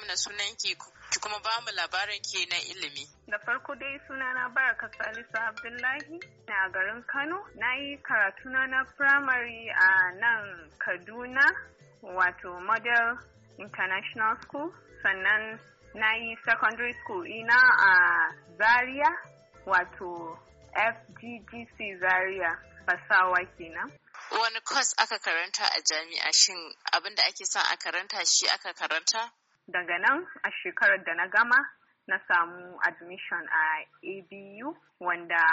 mana sunan ki ki kuma ba mu labarin ki na ilimi. Da farko dai sunana Baraka Salisu Abdullahi na garin Kano. Na yi karatuna na firamare a nan Kaduna wato Model International School sannan na yi secondary school ina a Zaria wato FGGC Zaria Fasawa kenan. Wani kwas aka karanta a jami'a shin abinda ake son a karanta shi aka karanta? daga nan a shekarar da na gama na samu admission a abu wanda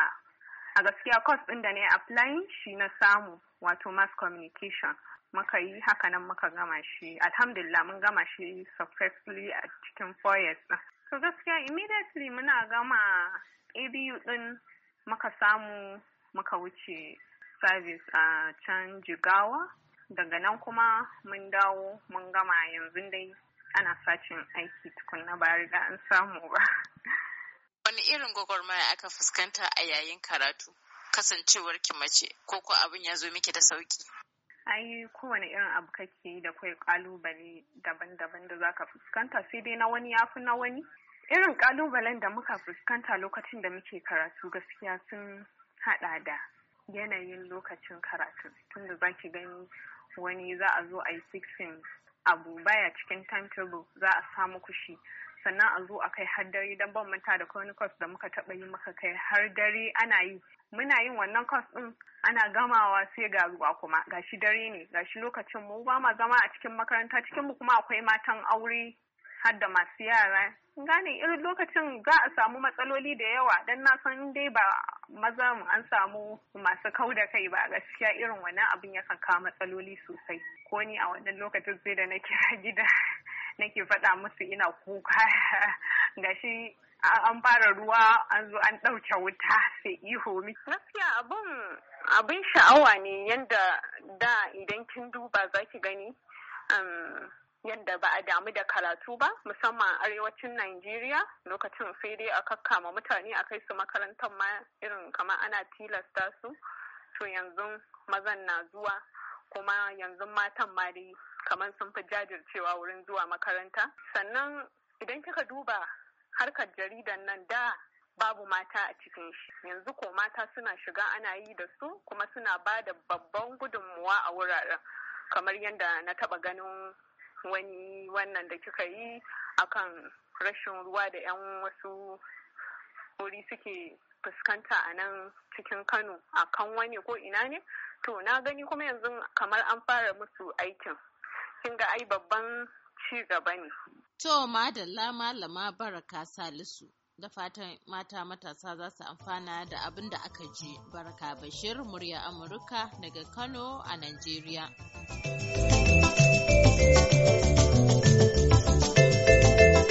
a gaskiya course ɗin da na yi applying shi na samu wato mass communication Maka yi hakanan maka gama shi alhamdulillah mun gama shi successfully a cikin four years ɗin so gaskiya immediately muna gama abu ɗin maka samu maka wuce service a can jigawa daga nan kuma mun dawo mun gama yanzu dai ana sacin aiki tukunna ba da an samu ba. Wani irin gwagwarmaya aka fuskanta a yayin karatu kasancewar ki mace ko ko abin ya zo miki da sauki? Ai kowane irin abu kake da kwai kalubale daban-daban da zaka fuskanta sai dai na wani yafi na wani. Irin kalubalen da muka fuskanta lokacin da muke karatu gaskiya sun haɗa da yanayin lokacin karatu tunda zaki gani wani za a zo a yi abu baya cikin timetable za a samu kushi sannan a zo a kai har dare don ban manta da chronicles da muka taɓa yi muka kai har dare ana yi muna yin wannan course ɗin ana gamawa sai ga ruwa kuma gashi dare ne gashi lokacin mu ba ma zama a cikin makaranta cikin mu kuma akwai matan aure har da masu yara gane irin lokacin za a samu matsaloli da yawa don na san dai ba mu an samu masu kau da kai ba gaskiya irin wannan abin yakan kawo matsaloli sosai ko ni a wannan lokacin sai da na kira gida nake faɗa musu ina kuka gashi an fara ruwa an zo an ɗauke wuta sai iho mi. Gaskiya abin abin sha'awa ne yanda da idan kin duba za ki gani um, yadda ba a damu da karatu ba musamman a arewacin Najeriya lokacin sai dai a kakkama mutane a kai su makarantar ma irin kamar ana tilasta su to yanzu mazan na zuwa kuma yanzu matan ma dai kamar sun fi jajircewa wurin zuwa makaranta sannan idan kika duba harkar jaridan nan da babu mata a cikin shi yanzu ko mata suna shiga ana yi da su kuma suna ba da babban gudunmuwa a wuraren kamar yadda na taba ganin wani wannan da kika yi akan rashin ruwa da 'yan wasu wuri suke fuskanta a nan cikin kano a kan wani ko ina ne to na gani kuma yanzu kamar an fara musu aikin kin ga ai babban ci gaba ne to madalla malama baraka salisu da fatan mata matasa za su amfana da abin da aka ji baraka bashir murya amurka daga kano a najeriya うん。